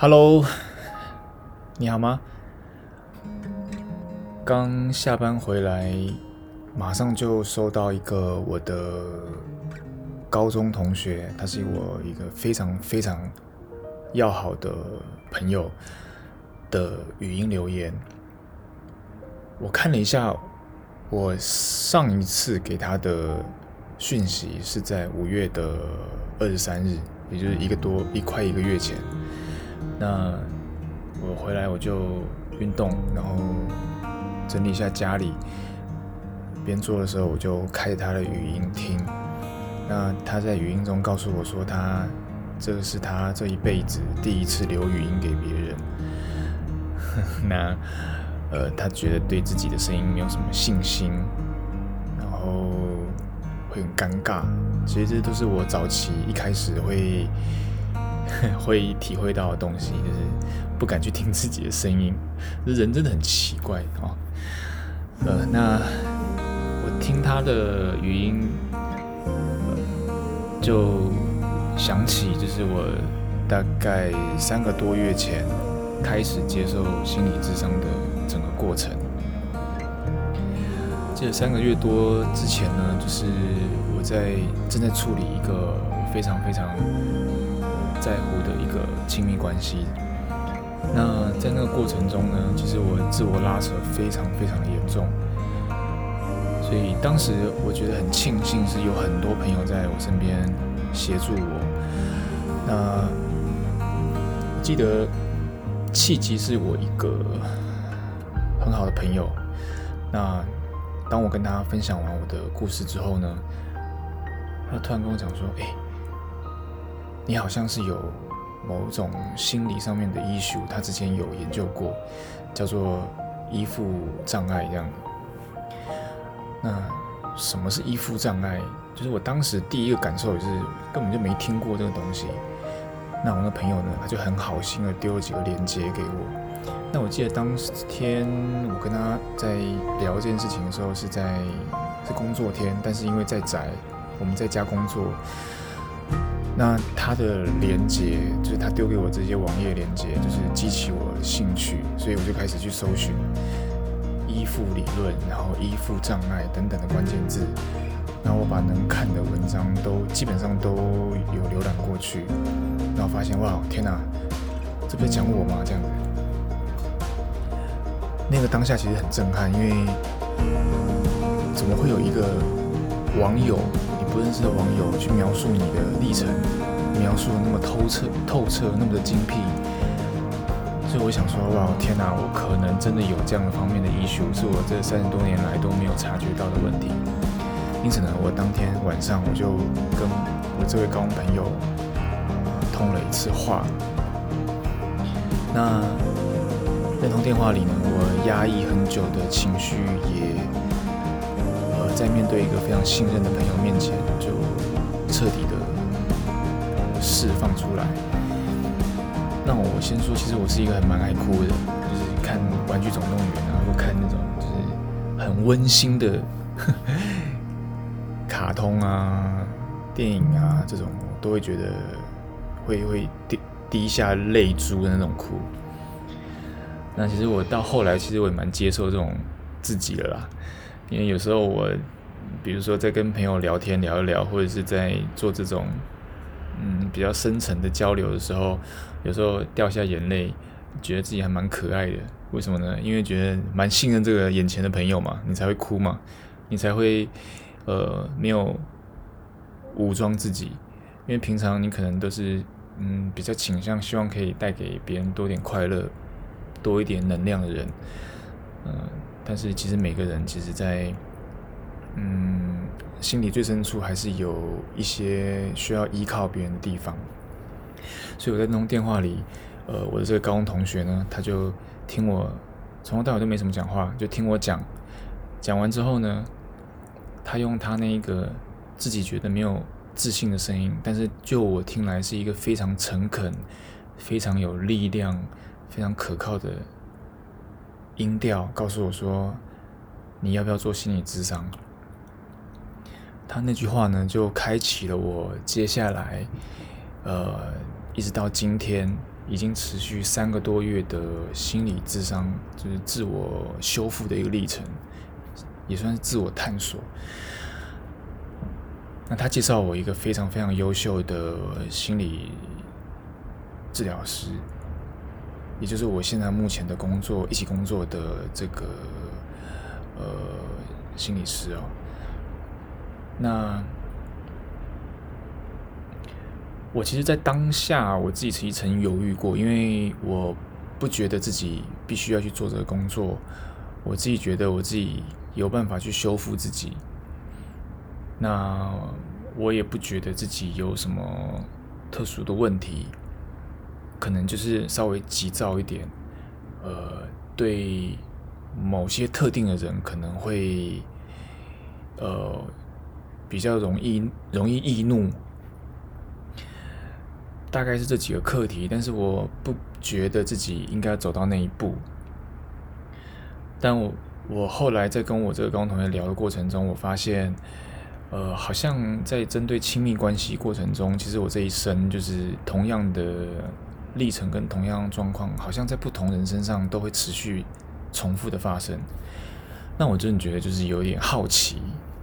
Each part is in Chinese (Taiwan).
Hello，你好嗎？剛下班回來，馬上就收到一個我的高中同學，他是我一個非常非常要好的朋友的語音留言。我看了一下，我上一次給他的訊息是在五月的二十三日，也就是一個多，一塊一個月前。那我回來我就運動，然後整理一下家裡。邊做的時候我就開着他的語音聽。那他在語音中告訴我說，他這個是他這一輩子第一次留語音給別人。 那呃，他覺得對自己的聲音沒有什麼信心，然後會很尷尬。其實這都是我早期一開始會。會體會到的東西就是不敢去聽自己的聲音，這人真的很奇怪啊、哦。呃，那我聽他的語音，就想起就是我大概三個多月前開始接受心理諮商的整個過程。記得三個月多之前呢，就是我在正在處理一個非常非常。在乎的一個親密關係。那在那個過程中呢，其實我自我拉扯非常非常嚴重，所以當時我覺得很慶幸是有很多朋友在我身邊協助我。那記得契機是我一個很好的朋友。那當我跟他分享完我的故事之後呢，他突然跟我講說：“哎。”你好像是有某種心理上面的 issue，他之前有研究過，叫做依附障礙這樣。那什麼是依附障礙？就是我當時第一個感受就是根本就沒聽過這個東西。那我的朋友呢，他就很好心的丟了幾個鏈接給我。那我記得當天我跟他在聊這件事情的時候，是在是工作天，但是因為在宅，我們在家工作。那他的連接就是他丟給我這些網頁連接，就是激起我興趣，所以我就開始去搜尋依附理論，然後依附障礙等等的關鍵字。然後我把能看的文章都基本上都有瀏覽過去，然後發現哇，天哪，啊，這不是講我嗎？這樣子。那個當下其實很震撼，因為，嗯，怎麼會有一個網友？不認識的網友去描述你的歷程，描述的那麼透徹、透徹，那麼的精闢，所以我想說，哇，天哪，啊，我可能真的有這樣的方面的 issue，是我這三十多年來都沒有察覺到的問題。因此呢，我當天晚上我就跟我這位高中朋友通了一次話。那那通電話裡呢，我壓抑很久的情緒也，在面對一個非常信任的朋友面前，就徹底的釋放出來。那我先說，其實我是一個很蠻愛哭的，就是看《玩具總動員》啊，或看那種就是很溫馨的呵呵卡通啊、電影啊這種，我都會覺得會會滴滴下淚珠的那種哭。那其實我到後來，其實我也蠻接受這種自己了啦。因為有時候我，比如說在跟朋友聊天聊一聊，或者是在做這種，嗯，比較深層的交流的時候，有時候掉下眼淚，覺得自己還蠻可愛的。為什麼呢？因為覺得蠻信任這個眼前的朋友嘛，你才會哭嘛，你才會，呃，沒有武裝自己。因為平常你可能都是，嗯，比較傾向希望可以帶給別人多點快樂，多一點能量的人，嗯、呃。但是其實每個人其實，在嗯心裡最深處還是有一些需要依靠別人的地方，所以我在那通電話裡，呃，我的這個高中同學呢，他就聽我從頭到尾都沒怎麼講話，就聽我講，講完之後呢，他用他那一個自己覺得沒有自信的聲音，但是就我聽來是一個非常誠懇、非常有力量、非常可靠的。音調告訴我說：“你要不要做心理諮商？”他那句話呢，就開啟了我接下來，呃，一直到今天已經持續三個多月的心理諮商，就是自我修復的一個歷程，也算是自我探索。那他介紹我一個非常非常優秀的心理治療師。也就是我現在目前的工作，一起工作的這個呃心理師哦。那我其實，在當下啊，我自己其實曾猶豫過，因為我不覺得自己必須要去做這個工作，我自己覺得我自己有辦法去修復自己。那我也不覺得自己有什麼特殊的問題。可能就是稍微急躁一點，呃，對某些特定的人可能會，呃，比較容易容易易怒，大概是這幾個課題，但是我不覺得自己應該走到那一步。但我我後來在跟我這個高中同學聊的過程中，我發現，呃，好像在針對親密關係過程中，其實我這一生就是同樣的。歷程跟同樣狀況，好像在不同人身上都會持續重複的發生。那我真的覺得就是有點好奇，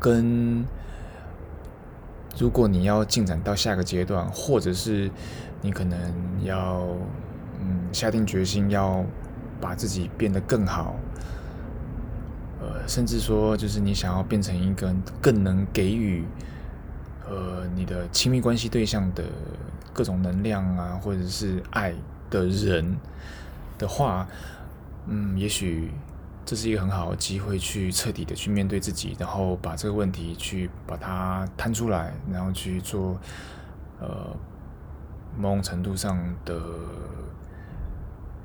跟如果你要進展到下個階段，或者是你可能要嗯下定決心要把自己變得更好，呃，甚至說就是你想要變成一個更能給予呃你的親密關係對象的。各種能量啊，或者是愛的人的話，嗯，也許這是一個很好的機會，去徹底的去面對自己，然後把這個問題去把它攤出來，然後去做呃某種程度上的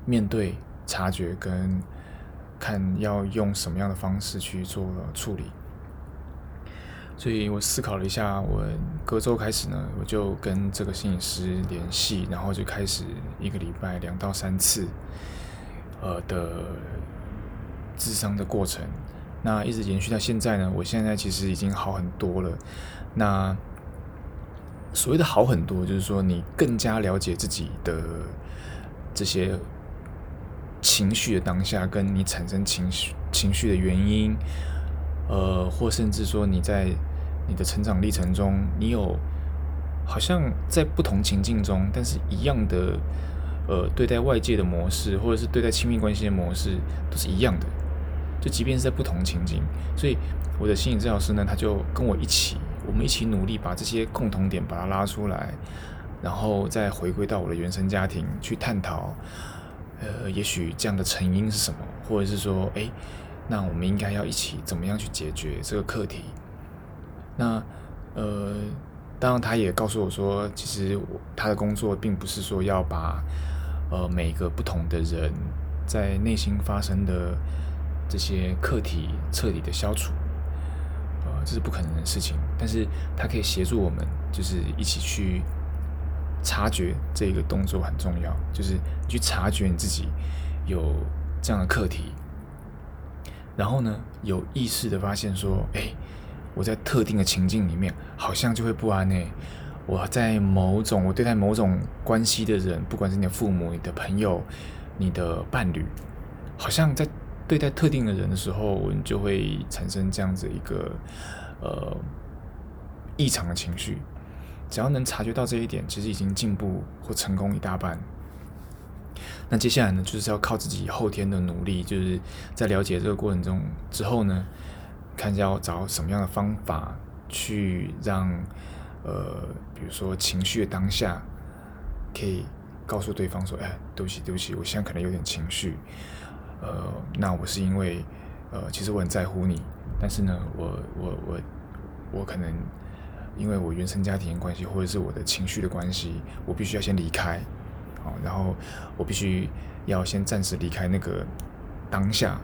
面對、察覺跟看要用什麼樣的方式去做處理。所以我思考了一下，我隔周開始呢，我就跟這個心理師聯繫，然後就開始一個禮拜兩到三次，呃的諮商的過程。那一直延續到現在呢，我現在其實已經好很多了。那所謂的好很多，就是說你更加了解自己的這些情緒的當下，跟你產生情緒情緒的原因，呃，或甚至說你在。你的成長歷程中，你有好像在不同情境中，但是一樣的呃對待外界的模式，或者是對待親密關係的模式，都是一樣的。就即便是在不同情境，所以我的心理治療師呢，他就跟我一起，我們一起努力把這些共同點把它拉出來，然後再回歸到我的原生家庭去探討，呃，也許這樣的成因是什麼，或者是說，哎，那我們應該要一起怎麼樣去解決這個課題？那，呃，當然，他也告訴我說，其實他的工作並不是說要把，呃，每個不同的人在內心發生的這些課題徹底的消除，呃，這是不可能的事情。但是他可以協助我們，就是一起去察覺這個動作很重要，就是去察覺你自己有這樣的課題，然後呢，有意識的發現說，哎。我在特定的情境裡面，好像就會不安哎。欸，我在某種我對待某種關係的人，不管是你的父母、你的朋友、你的伴侶，好像在對待特定的人的時候，我就會產生這樣子一個呃異常的情緒。只要能察覺到這一點，其實已經進步或成功一大半。那接下來呢，就是要靠自己後天的努力，就是在了解這個過程中之後呢。看一下要找什麼樣的方法去讓，呃，比如說情緒的當下，可以告訴對方說，哎，對不起，對不起，我現在可能有點情緒，呃，那我是因為，呃，其實我很在乎你，但是呢，我我我我可能因為我原生家庭關係或者是我的情緒的關係，我必須要先離開，好，然後我必須要先暫時離開那個當下。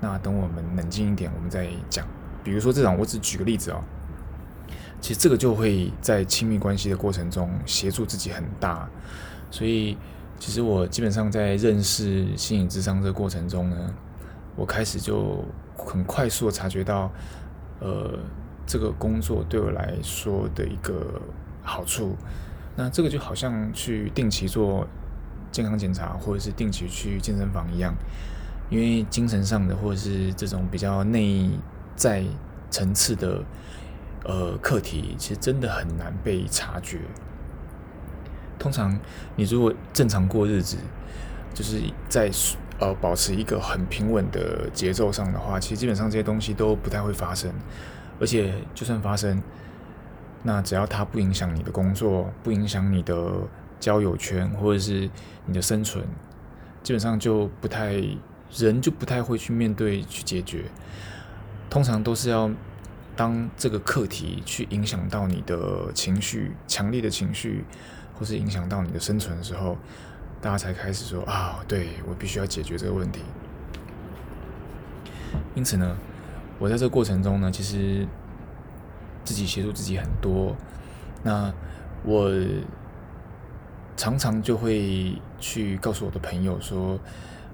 那等我們冷靜一點，我們再講。比如說，這種，我只舉個例子哦。其實這個就會在親密關係的過程中協助自己很大。所以，其實我基本上在認識心理諮商這個過程中呢，我開始就很快速的察覺到，呃，這個工作對我來說的一個好處。那這個就好像去定期做健康檢查，或者是定期去健身房一樣。因為精神上的，或者是這種比較內在層次的，呃，課題，其實真的很難被察覺。通常，你如果正常過日子，就是在呃保持一個很平穩的節奏上的話，其實基本上這些東西都不太會發生。而且，就算發生，那只要它不影響你的工作，不影響你的交友圈，或者是你的生存，基本上就不太。人就不太會去面對去解決，通常都是要當這個課題去影響到你的情緒、強烈的情緒、或是影響到你的生存的時候，大家才開始說，啊，對，我必須要解決這個問題。因此呢，我在這個過程中呢，其實自己協助自己很多。那我常常就會去告訴我的朋友說。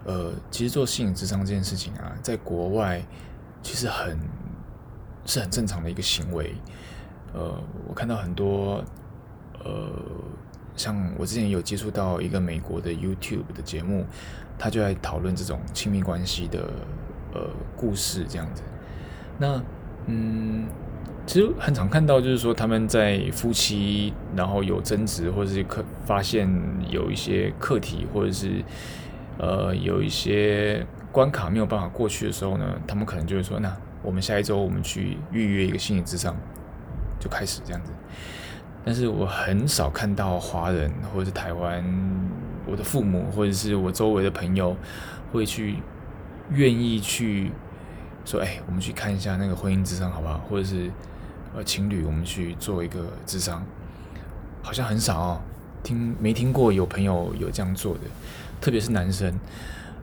呃，其實做心理諮商這件事情啊，在國外其實很是很正常的一個行為。呃，我看到很多呃，像我之前有接觸到一個美國的 YouTube 的節目，他就在討論這種親密關係的呃故事這樣子。那嗯，其實很常看到，就是說他們在夫妻然後有爭執，或者是客發現有一些課題，或者是。呃，有一些關卡沒有辦法過去的時候呢，他們可能就會說：“那我們下一周我們去預約一個心理諮商，就開始這樣子。”但是我很少看到華人或者是台灣，我的父母或者是我周圍的朋友會去願意去說：“哎、欸，我們去看一下那個婚姻諮商好不好？”或者是“呃，情侶我們去做一個諮商”，好像很少、哦、聽，沒聽過有朋友有這樣做的。特別是男生，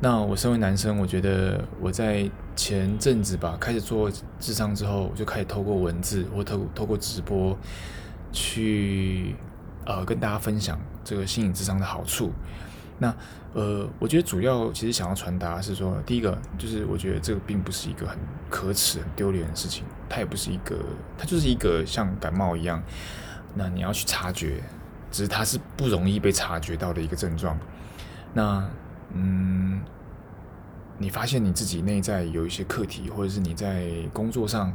那我身為男生，我覺得我在前陣子吧，開始做諮商之後，我就開始透過文字或透透過直播去呃跟大家分享這個心理諮商的好處。那呃，我覺得主要其實想要傳達是說，第一個就是我覺得這個並不是一個很可恥、很丟臉的事情，它也不是一個，它就是一個像感冒一樣，那你要去察覺，只是它是不容易被察覺到的一個症狀。那，嗯，你發現你自己內在有一些課題，或者是你在工作上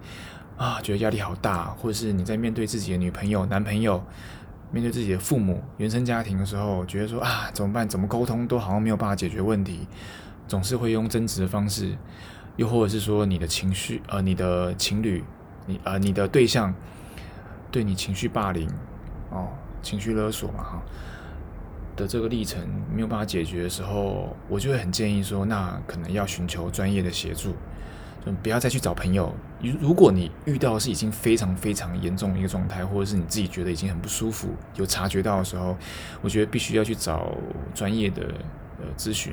啊，覺得壓力好大，或者是你在面對自己的女朋友、男朋友，面對自己的父母、原生家庭的時候，覺得說啊，怎麼辦？怎麼溝通都好像沒有辦法解決問題，總是會用爭執的方式，又或者是說你的情緒，呃，你的情侶，你啊、呃，你的對象對你情緒霸凌，哦，情緒勒索嘛，哈、哦。的這個歷程沒有辦法解決的時候，我就會很建議說，那可能要尋求專業的協助，就不要再去找朋友。如如果你遇到的是已經非常非常嚴重的一個狀態，或者是你自己覺得已經很不舒服、有察覺到的時候，我覺得必須要去找專業的呃諮詢。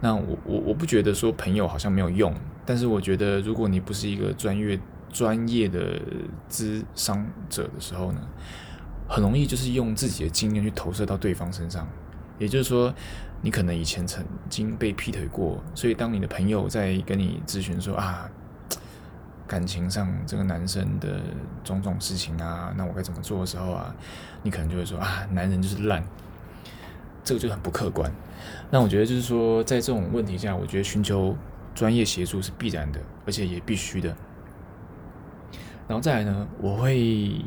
那我我我不覺得說朋友好像沒有用，但是我覺得如果你不是一個專業專業的諮商者的時候呢？很容易就是用自己的經驗去投射到對方身上，也就是說，你可能以前曾經被劈腿過，所以當你的朋友在跟你諮詢說啊，感情上這個男生的種種事情啊，那我該怎麼做的時候啊，你可能就會說啊，男人就是爛，這個就很不客觀。那我覺得就是說，在這種問題下，我覺得尋求專業協助是必然的，而且也必須的。然後再來呢，我會。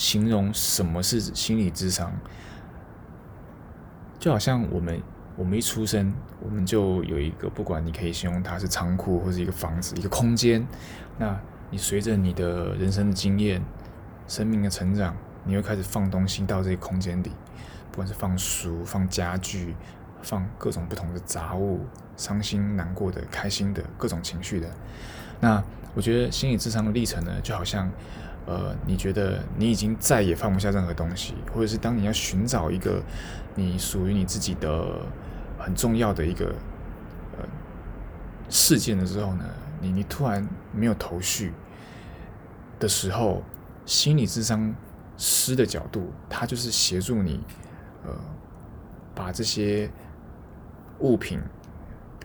形容什麼是心理諮商？就好像我們我們一出生，我們就有一個，不管你可以形容它是倉庫或者一個房子、一個空間。那你隨着你的人生的經驗、生命的成長，你會開始放東西到這個空間裡，不管是放書、放家具、放各種不同的雜物，傷心難過的、開心的、各種情緒的。那我覺得心理諮商的歷程呢，就好像。呃，你覺得你已經再也放不下任何東西，或者是當你要尋找一個你屬於你自己的很重要的一個呃事件的時候呢，你你突然沒有頭緒的時候，心理諮商師的角度，他就是協助你呃把這些物品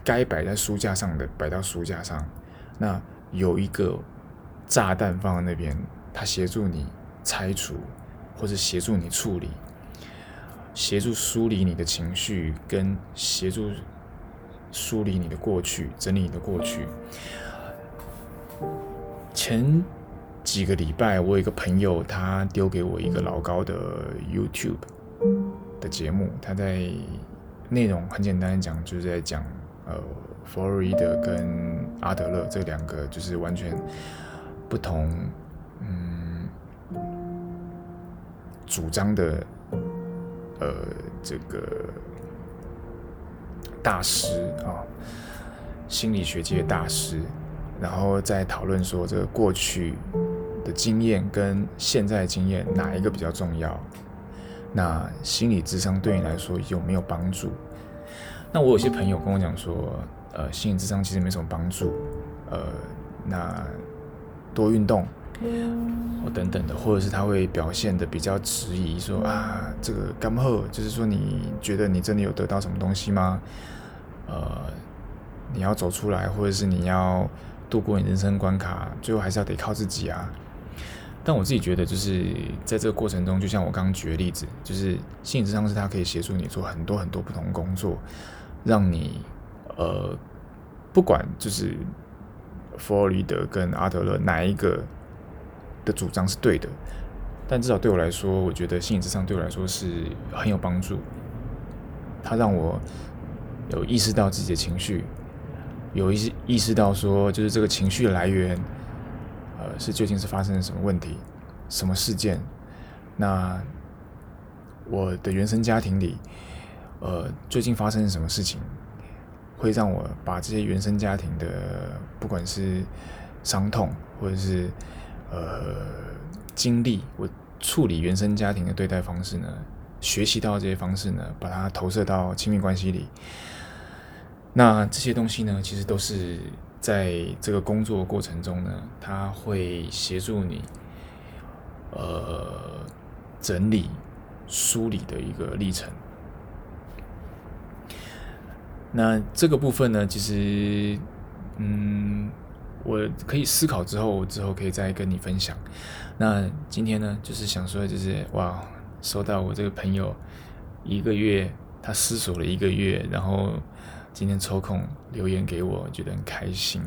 該擺在書架上的擺到書架上，那有一個炸彈放在那邊。他協助你拆除，或者協助你處理，協助梳理你的情緒，跟協助梳理你的過去，整理你的過去。前幾個禮拜，我有一個朋友，他丟給我一個老高的 YouTube 的節目，他在內容很簡單講，就是在講呃，弗洛伊德跟阿德勒這兩個就是完全不同。主張的，呃，這個大師啊，心理學界的大師，然後在討論說，這個過去的經驗跟現在的經驗哪一個比較重要？那心理諮商對你來說有沒有幫助？那我有些朋友跟我講說，呃，心理諮商其實沒什麼幫助，呃，那多運動。等等的，或者是他會表現得比較遲疑說，說啊，這個幹麼就是說，你覺得你真的有得到什麼東西嗎？呃，你要走出來，或者是你要度過你人生關卡，最後還是要得靠自己啊。但我自己覺得，就是在這個過程中，就像我剛剛舉的例子，就是心理諮商是他可以協助你做很多很多不同工作，讓你呃，不管就是弗洛伊德跟阿德勒哪一個。的主張是對的，但至少對我來說，我覺得心理諮商對我來說是很有幫助。它讓我有意識到自己的情緒，有意識意識到說，就是這個情緒的來源，呃，是究竟是發生了什麼問題，什麼事件？那我的原生家庭裡，呃，最近發生了什麼事情，會讓我把這些原生家庭的不管是傷痛或者是呃，經歷我處理原生家庭的對待方式呢，學習到這些方式呢，把它投射到親密關係裡。那這些東西呢，其實都是在這個工作過程中呢，它會協助你，呃，整理梳理的一個歷程。那這個部分呢，其實，嗯。我可以思考之後，我之後可以再跟你分享。那今天呢，就是想說，就是哇，收到我這個朋友一個月，他思索了一個月，然後今天抽空留言給我，覺得很開心。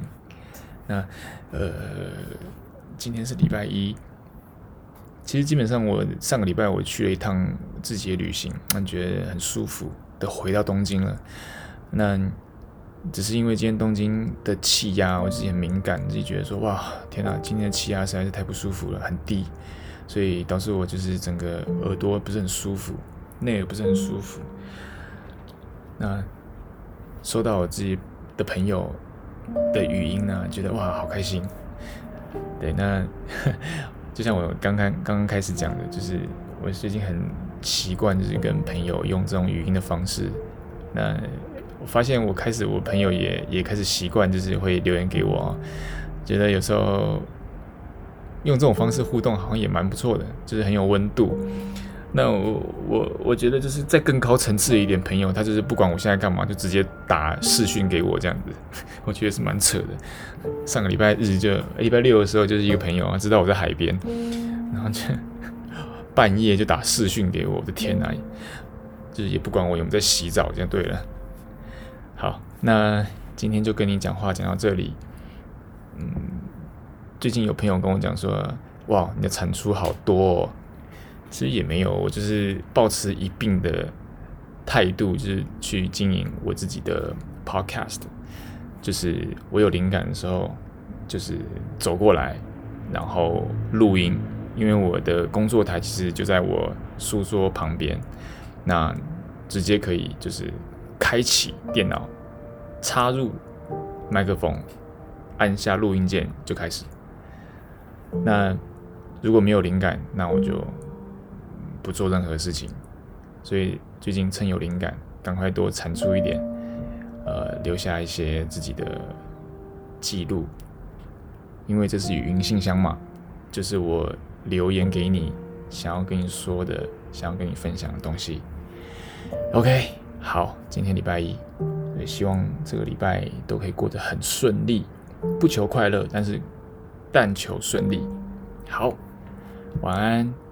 那呃，今天是禮拜一，其實基本上我上個禮拜我去了一趟自己的旅行，感覺很舒服的回到東京了。那。只是因為今天東京的氣壓，我自己很敏感，自己覺得說，哇，天哪，今天的氣壓實在是太不舒服了，很低，所以導致我就是整個耳朵不是很舒服，內耳不是很舒服。那收到我自己的朋友的語音呢，覺得哇，好開心。對，那就像我剛剛剛剛開始講的，就是我最近很習慣就是跟朋友用這種語音的方式，那。我發現我開始，我朋友也也開始習慣，就是會留言給我，啊，覺得有時候用這種方式互動好像也蠻不錯的，就是很有溫度。那我我我覺得就是再更高層次一點朋友，他就是不管我現在幹嘛，就直接打視訊給我這樣子，我覺得是蠻扯的。上個禮拜日就，欸，禮拜六的時候，就是一個朋友啊，知道我在海邊，然後就半夜就打視訊給我，我的天吶，啊，就是也不管我有沒有在洗澡，這樣對了。那今天就跟你講話講到這裡。嗯，最近有朋友跟我講說，哇，你的產出好多哦。其實也沒有，我就是抱持一定的態度，就是去經營我自己的 podcast。就是我有靈感的時候，就是走過來，然後錄音，因為我的工作台其實就在我書桌旁邊，那直接可以就是開啟電腦。插入麥克風，按下錄音鍵就開始。那如果沒有靈感，那我就不做任何事情。所以最近趁有靈感，趕快多產出一點，呃，留下一些自己的記錄。因為這是語音信箱嘛，就是我留言給你，想要跟你說的，想要跟你分享的東西。OK，好，今天禮拜一。也希望這個禮拜都可以過得很順利，不求快樂，但是但求順利。好，晚安。